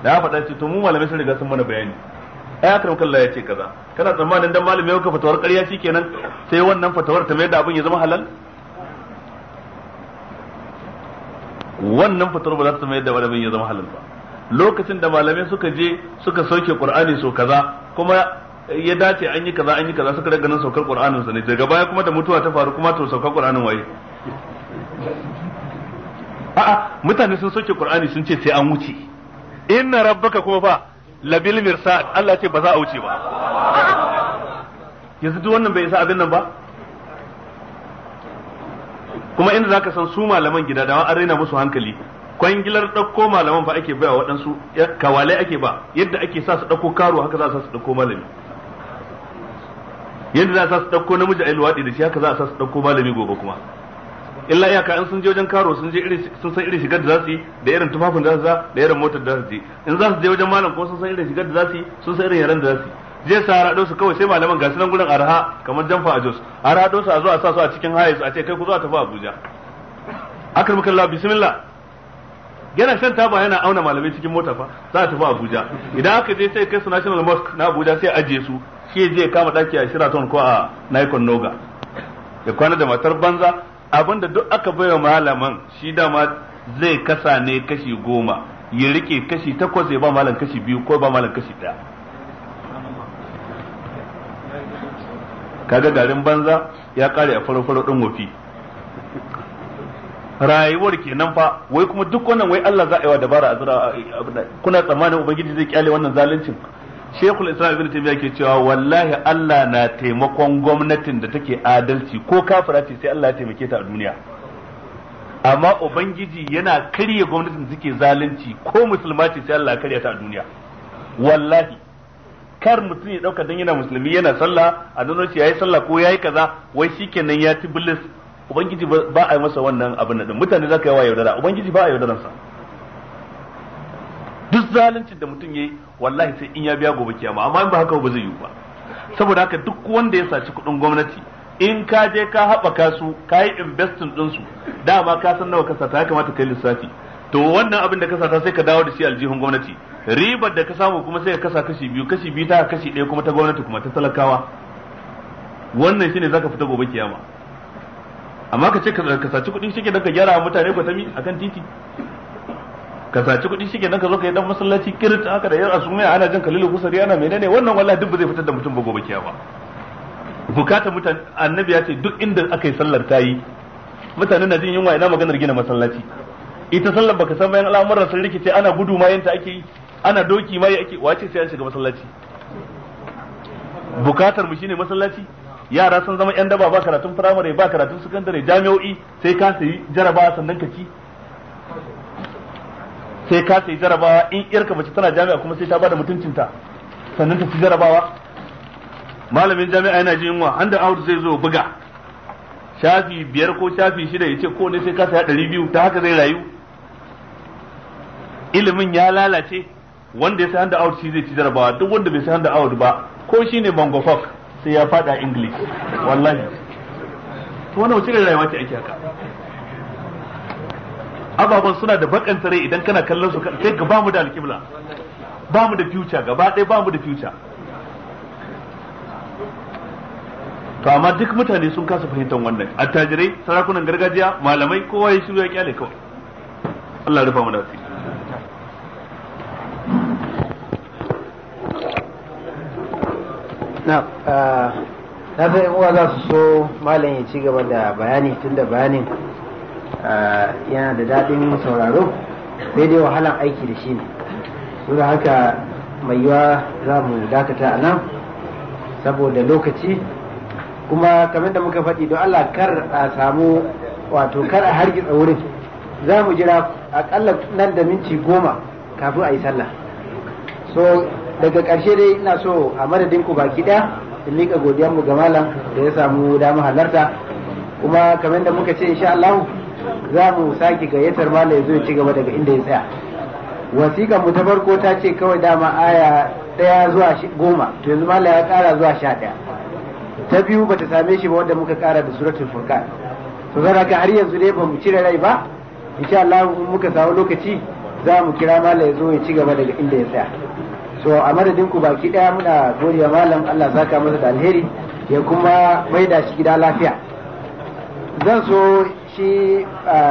da ya faɗa ce to mu malamai sun riga sun mana bayani ai akar maka Allah ya ce kaza kana tsammanin dan malami yau ka fatawar ƙarya shikenan sai wannan fatawar ta mai da abin ya zama halal wannan fatawar ba za ta mai da abin ya zama halal ba lokacin da malamai suka je suka sauke qur'ani so kaza kuma ya dace an yi kaza an yi kaza suka daga nan saukar qur'anin sa ne daga baya kuma da mutuwa ta faru kuma to saukar qur'anin waye a'a mutane sun soke qur'ani sun ce sai an wuce inna rabbaka kuma fa labil mirsad Allah ce ba za a wuce ba yanzu duk wannan bai isa abin nan ba kuma inda zaka san su malaman gida da an raina musu hankali kwangilar ɗauko malaman fa ake baya waɗansu kawalai ake ba yadda ake sa su ɗauko karo haka za a sa su ɗauko malami yadda za a sa su ɗauko namiji a luwaɗi da shi haka za a sa su ɗauko malami gobe kuma illa iyaka in sun je wajen karo sun je sun san irin shigar da za su yi da irin tufafin da za su da irin motar da za su je in za su je wajen malam ko sun san irin shigar da za su yi sun san irin yaren da za su yi je su harado su kawai sai malaman ga sunan gurin arha kamar jamfa a jos harado su a zo a sa su a cikin hayes a ce kai ku zo a tafi abuja akar maka bismillah yana shan taba yana auna malamai cikin mota fa za a tafi Abuja idan aka je sai kai su National Mosque na Abuja sai ajiye su shi je kama daki a shiraton ko a Nikon Noga ya kwana da matar banza abinda duk aka baiwa malaman shi dama zai kasa ne kashi goma ya rike kashi takwas ya ba malam kashi biyu ko ba malam kashi daya kaga garin banza ya kare a farfaro din wafi rayuwar kenan fa wai kuma duk wannan wai Allah za a yi wa dabara a zira kuna tsammanin ubangiji zai kyale wannan zaluncin Sheikhul Islam Ibn Taymiyyah ke cewa wallahi Allah na taimakon gwamnatin da take adalci ko kafira ce sai Allah ya taimake ta a duniya amma ubangiji yana karya gwamnatin da take zalunci ko musulma ce sai Allah ya karya ta a duniya wallahi kar mutum ya dauka dan yana musulmi yana sallah a nan shi yayi sallah ko yayi kaza wai shikenan ya ci bilis ubangiji ba a yi masa wannan abin nan mutane za ka yi wa yaudara ubangiji ba a yaudaransa duk zaluncin da mutum ya yi wallahi sai in ya biya gobe kiyama amma in ba haka ba zai yi ba saboda haka duk wanda ya saci kuɗin gwamnati in ka je ka haɓaka su ka yi investing ɗinsu dama ka san nawa ka sata ya kamata ka yi lissafi to wannan abin da ka sata sai ka dawo da shi aljihun gwamnati ribar da ka samu kuma sai ka kasa kashi biyu kashi biyu ta kashi ɗaya kuma ta gwamnati kuma ta talakawa wannan shine zaka fita gobe kiyama amma ka ce ka saci kuɗi shi nan ka gyara wa mutane kwatami kan titi ka saci kuɗi shi kenan ka zo ka yi dan masallaci kirit haka da yar asumai ana jin kalilu kusari ana menene wannan wallahi duk ba zai fitar da mutum ba gobe kiyama bukatar mutane annabi ya ce duk inda aka yi sallar ta yi mutane na jin yunwa ina maganar gina masallaci ita sallar baka san bayan al'amuran sun rikice ana gudu ma yanta ake yi ana doki ma ake wace sai an shiga masallaci bukatar mu shine masallaci yara sun zama yan daba ba karatun firamare ba karatun sakandare jami'o'i sai ka sayi jaraba sannan ka ci sai ka sayi jarabawa in irka mace tana jami'a kuma sai ta bada mutuncinta sannan ta ci jarabawa malamin jami'a yana jin yunwa handa out zai zo buga shafi biyar ko shafi shida ya ce ko ne sai ka saya ɗari biyu ta haka zai rayu ilimin ya lalace wanda ya sai handa out shi zai ci jarabawa duk wanda bai sai handa out ba ko shine bangofok sai ya fada english wallahi to wannan wace rayuwa ce ake haka ababan suna da bakan tare idan kana kallon su sai ga bamu da alkibla bamu da future gaba ɗaya bamu da future to amma duk mutane sun kasa fahimtar wannan attajirai sarakunan gargajiya malamai kowa ya shirya kyale kawai Allah rufa mu da Ah, na san yan uwa za su so malam ya ci gaba da bayani tun da bayanin ah, yana da daɗin sauraro sai dai wahalan aiki da shi ne saboda haka mai yiwa za mu dakata a nan saboda lokaci kuma kamar da muka faɗi don Allah kar a samu wato kar a hargitsa wurin za mu jira akalla nan da minti goma kafin a yi sallah so daga ƙarshe dai ina so a madadin ku baki ɗaya in liƙa godiyar mu ga malam da ya samu dama halarta kuma kamar da muka ce insha Allah za mu sake gayyatar malam ya zo ya ci gaba daga inda ya tsaya wasiƙar mu ta farko ta ce kawai dama aya ɗaya zuwa goma to yanzu malam ya ƙara zuwa sha ɗaya ta biyu bata same shi ba wanda muka ƙara da suratul furqan to zan haka har yanzu dai ba mu cire rai ba insha Allah muka samu lokaci za mu kira malam ya zo ya ci gaba daga inda ya tsaya so a madadin ku baki daya muna godiya malam Allah saka masa da alheri ya kuma mai da shi gida lafiya zan so shi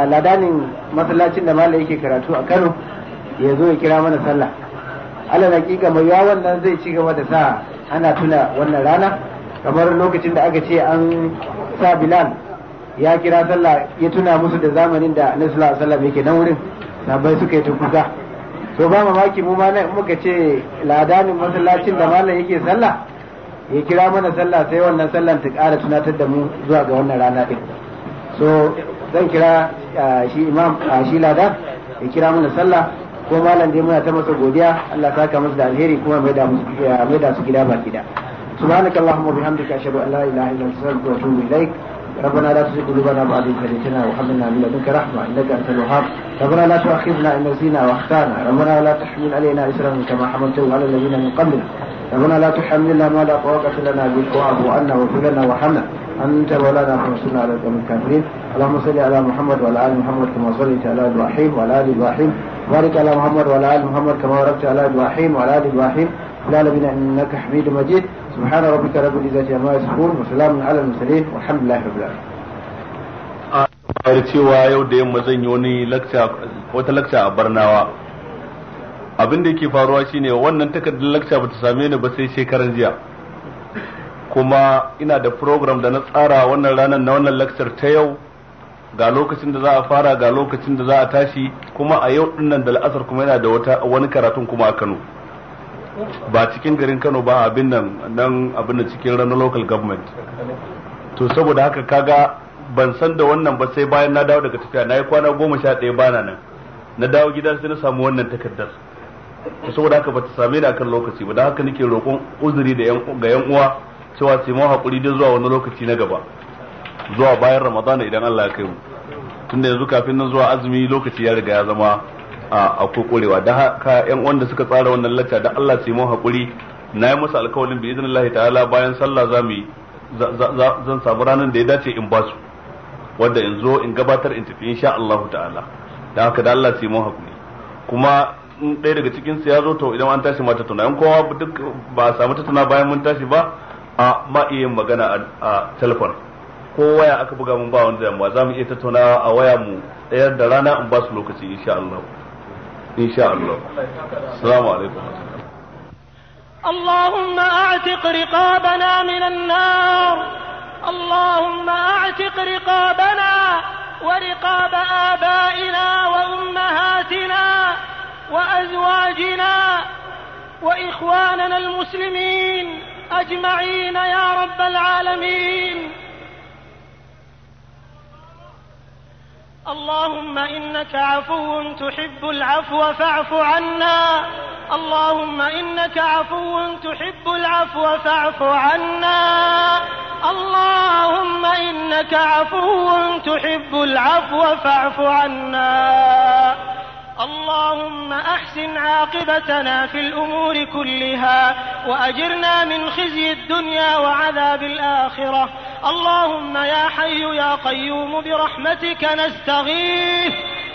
ladanin masallacin da malam yake karatu a Kano ya zo ya kira mana sallah Allah kika mai yawa wannan zai ci gaba da sa ana tuna wannan rana kamar lokacin da aka ce an sa Bilal ya kira sallah ya tuna musu da zamanin da Annabi sallallahu alaihi wasallam yake nan wurin sabai suka yi ta kuka to ba mamaki mu ma nan in muka ce ladanin masallacin da malam yake sallah ya kira mana sallah sai wannan sallan ta ƙara tunatar da mu zuwa ga wannan rana din so zan kira shi imam shi ladan ya kira mana sallah ko malam dai muna ta masa godiya Allah ta saka masa da alheri kuma mai da mai da su gida ba gida subhanakallahumma bihamdika ashhadu an la ilaha illa anta astaghfiruka wa atubu ilaik ربنا لا تزغ قلوبنا بعد إذ هديتنا وهب لنا من لدنك رحمة إنك أنت الوهاب ربنا لا تؤاخذنا إن نسينا وأخطأنا ربنا لا تحمل علينا إسرا كما حملته على الذين من قبلنا ربنا لا تحملنا ما لا طاقة لنا به واعف عنا واغفر لنا وارحمنا أنت مولانا فانصرنا على القوم الكافرين اللهم صل على محمد وعلى آل محمد كما صليت على إبراهيم وعلى آل إبراهيم بارك على محمد وعلى آل محمد كما باركت على إبراهيم وعلى آل إبراهيم في العالمين إنك حميد مجيد سبحان ربك رب العزة عما يصفون وسلام على المرسلين والحمد لله رب العالمين bayar cewa yau da yamma zan yi wani wata lakca a barnawa abin da yake faruwa shine wannan takardar lakca bata same ni ba sai shekaran jiya kuma ina da program da na tsara wannan ranar na wannan lakcar ta yau ga lokacin da za a fara ga lokacin da za a tashi kuma a yau dinnan da la'asar kuma yana da wani karatun kuma a Kano ba cikin garin Kano ba abin nan nan abin da cikin ranar local government to saboda haka kaga ban san da wannan ba sai bayan na dawo daga tafiya na yi kwana goma sha ɗaya bana nan na dawo gida sai na samu wannan takardar saboda haka bata same ni akan lokaci ba da haka nake roƙon uzuri da ga yan uwa cewa su mu hakuri da zuwa wani lokaci na gaba zuwa bayan ramadana idan Allah ya kai mu tunda yanzu kafin nan zuwa azumi lokaci ya riga ya zama A kokorewa da haka yan wanda suka tsara wannan lacca da Allah su yi mun hakuri na yi musu alkawalin bi lahi ta'ala bayan sallah za mu yi zan samu ranar da ya dace in ba su wanda in zo in gabatar in tafi insha Allah ta'ala da haka da Allah su yi mun hakuri kuma in ɗaya daga cikin su ya zo to idan an tashi ma tattauna in kowa duk ba a samu tattauna bayan mun tashi ba a ma iya yin magana a telefon ko waya aka buga mun ba wanda yamma za mu iya tattauna a waya mu ɗayar da rana in ba su lokaci insha Allah ان شاء الله السلام عليكم اللهم اعتق رقابنا من النار اللهم اعتق رقابنا ورقاب ابائنا وامهاتنا وازواجنا واخواننا المسلمين اجمعين يا رب العالمين اللهم إنك عفو تحب العفو فاعف عنا اللهم إنك عفو تحب العفو فاعف عنا اللهم إنك عفو تحب العفو فاعف عنا اللهم أحسن عاقبتنا في الأمور كلها وأجرنا من خزي الدنيا وعذاب الآخرة اللهم يا حي يا قيوم برحمتك نستغيث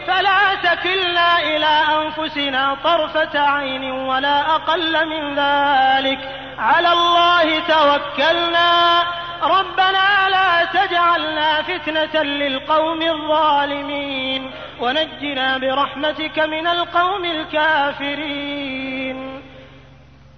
فلا تكلنا إلى أنفسنا طرفة عين ولا أقل من ذلك على الله توكلنا ربنا لا تجعلنا فتنة للقوم الظالمين ونجنا برحمتك من القوم الكافرين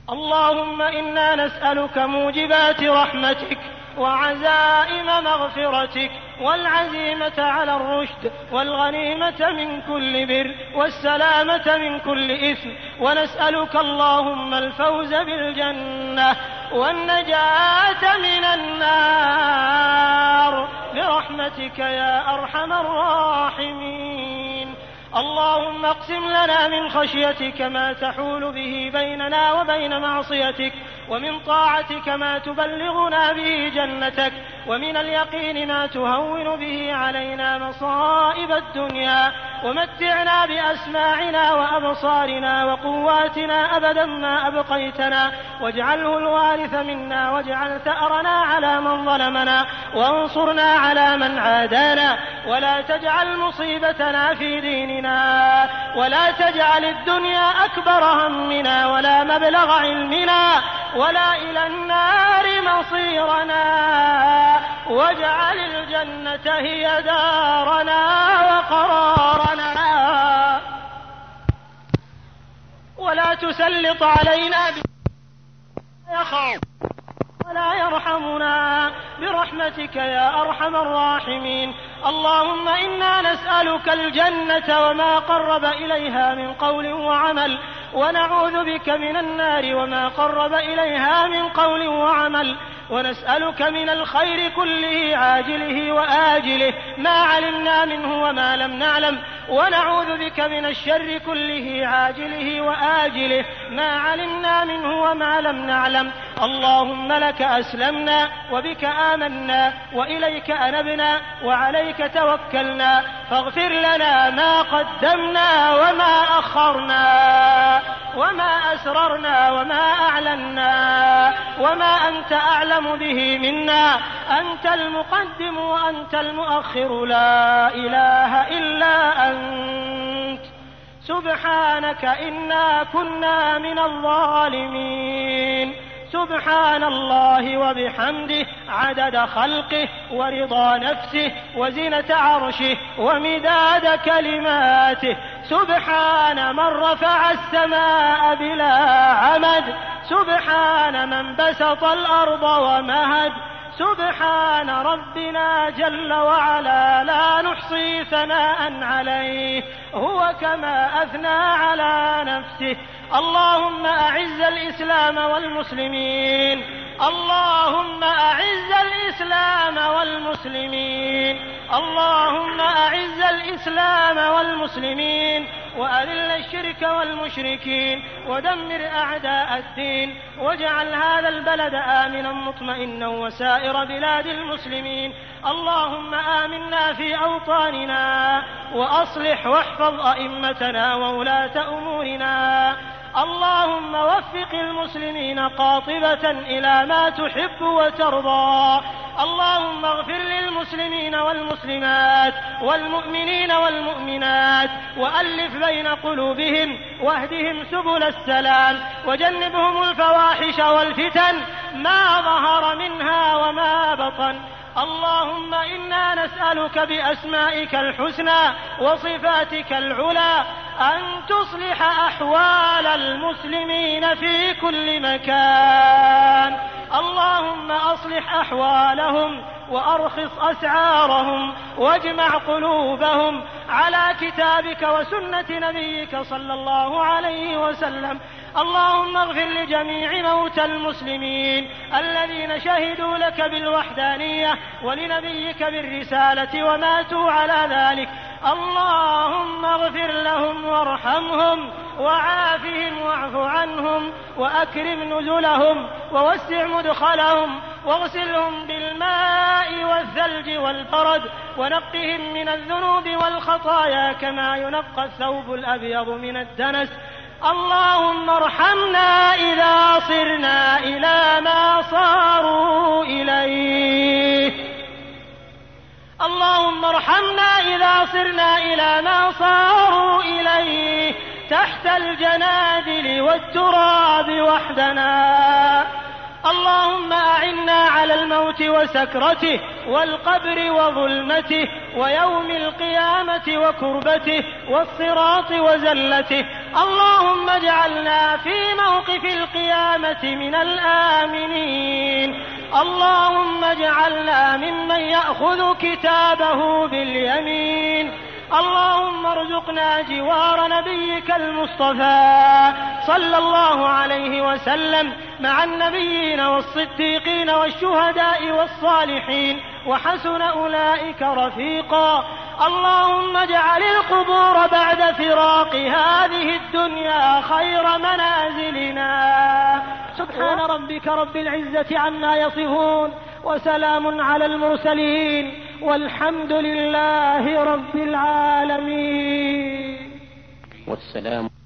اللهم إنا نسألك موجبات رحمتك وعزائم مغفرتك والعزيمة على الرشد والغنيمة من كل بر والسلامة من كل إثم ونسألك اللهم الفوز بالجنة والنجاة من النار برحمتك يا أرحم الراحمين اللهم اقسم لنا من خشيتك ما تحول به بيننا وبين معصيتك ومن طاعتك ما تبلغنا به جنتك ومن اليقين ما تهون به علينا مصائب الدنيا ومتعنا بأسماعنا وأبصارنا وقواتنا أبدا ما أبقيتنا واجعله الوارث منا واجعل ثأرنا على من ظلمنا وانصرنا على من عادانا ولا تجعل مصيبتنا في ديننا علمنا ولا تجعل الدنيا أكبر همنا ولا مبلغ علمنا ولا إلى النار مصيرنا واجعل الجنة هي دارنا وقرارنا ولا تسلط علينا يخاف ولا يرحمنا برحمتك يا أرحم الراحمين اللهم إنا نسألك الجنة وما قرب إليها من قول وعمل ونعوذ بك من النار وما قرب إليها من قول وعمل ونسألك من الخير كله عاجله وآجله ما علمنا منه وما لم نعلم ونعوذ بك من الشر كله عاجله وآجله ما علمنا منه وما لم نعلم اللهم لك أسلمنا وبك آمنا وإليك أنبنا وعليك توكلنا فاغفر لنا ما قدمنا وما أخرنا وما أسررنا وما أعلنا وما أنت أعلم به منا أنت المقدم وأنت المؤخر لا إله إلا أنت سبحانك إنا كنا من الظالمين سبحان الله وبحمده عدد خلقه ورضا نفسه وزنة عرشه ومداد كلماته سبحان من رفع السماء بلا عمد سبحان من بسط الأرض ومهد سبحان ربنا جل وعلا لا نحصي ثناء عليه هو كما أثنى على نفسه اللهم أعز الإسلام والمسلمين اللهم أعز الإسلام والمسلمين اللهم أعز الإسلام والمسلمين وأذل الشرك والمشركين ودمر أعداء الدين واجعل هذا البلد آمنا مطمئنا وسائر بلاد المسلمين اللهم آمنا في أوطاننا وأصلح واحفظ أئمتنا وولاة أمورنا اللهم وفق المسلمين قاطبة إلى ما تحب وترضى اللهم اغفر للمسلمين والمسلمات والمؤمنين والمؤمنات وألف بين قلوبهم واهدهم سبل السلام وجنبهم الفواحش والفتن ما ظهر منها وما بطن اللهم انا نسالك باسمائك الحسنى وصفاتك العلى أن تصلح أحوال المسلمين في كل مكان اللهم أصلح أحوالهم وأرخص أسعارهم واجمع قلوبهم على كتابك وسنة نبيك صلى الله عليه وسلم اللهم اغفر لجميع موتى المسلمين الذين شهدوا لك بالوحدانية ولنبيك بالرسالة وماتوا على ذلك اللهم اغفر لهم وارحمهم وعافهم واعف عنهم وأكرم نزلهم ووسع مدخلهم واغسلهم بالماء والثلج والبرد ونقهم من الذنوب والخطايا كما ينقى الثوب الأبيض من الدنس اللهم ارحمنا إذا صرنا إلى ما صاروا إليه اللهم ارحمنا إذا صرنا إلى ما صاروا إليه تحت الجنادل والتراب وحدنا اللهم أعنا على الموت وسكرته والقبر وظلمته ويوم القيامة وكربته والصراط وزلته اللهم اجعلنا في موقف القيامة من الآمنين اللهم اجعلنا ممن يأخذ كتابه باليمين اللهم ارزقنا جوار نبيك المصطفى صلى الله عليه وسلم مع النبيين والصديقين والشهداء والصالحين وحسن أولئك رفيقا اللهم اجعل القبور بعد فراق هذه الدنيا خير منازلنا سبحان ربك رب العزة عما يصفون وسلام على المرسلين والحمد لله رب العالمين والسلام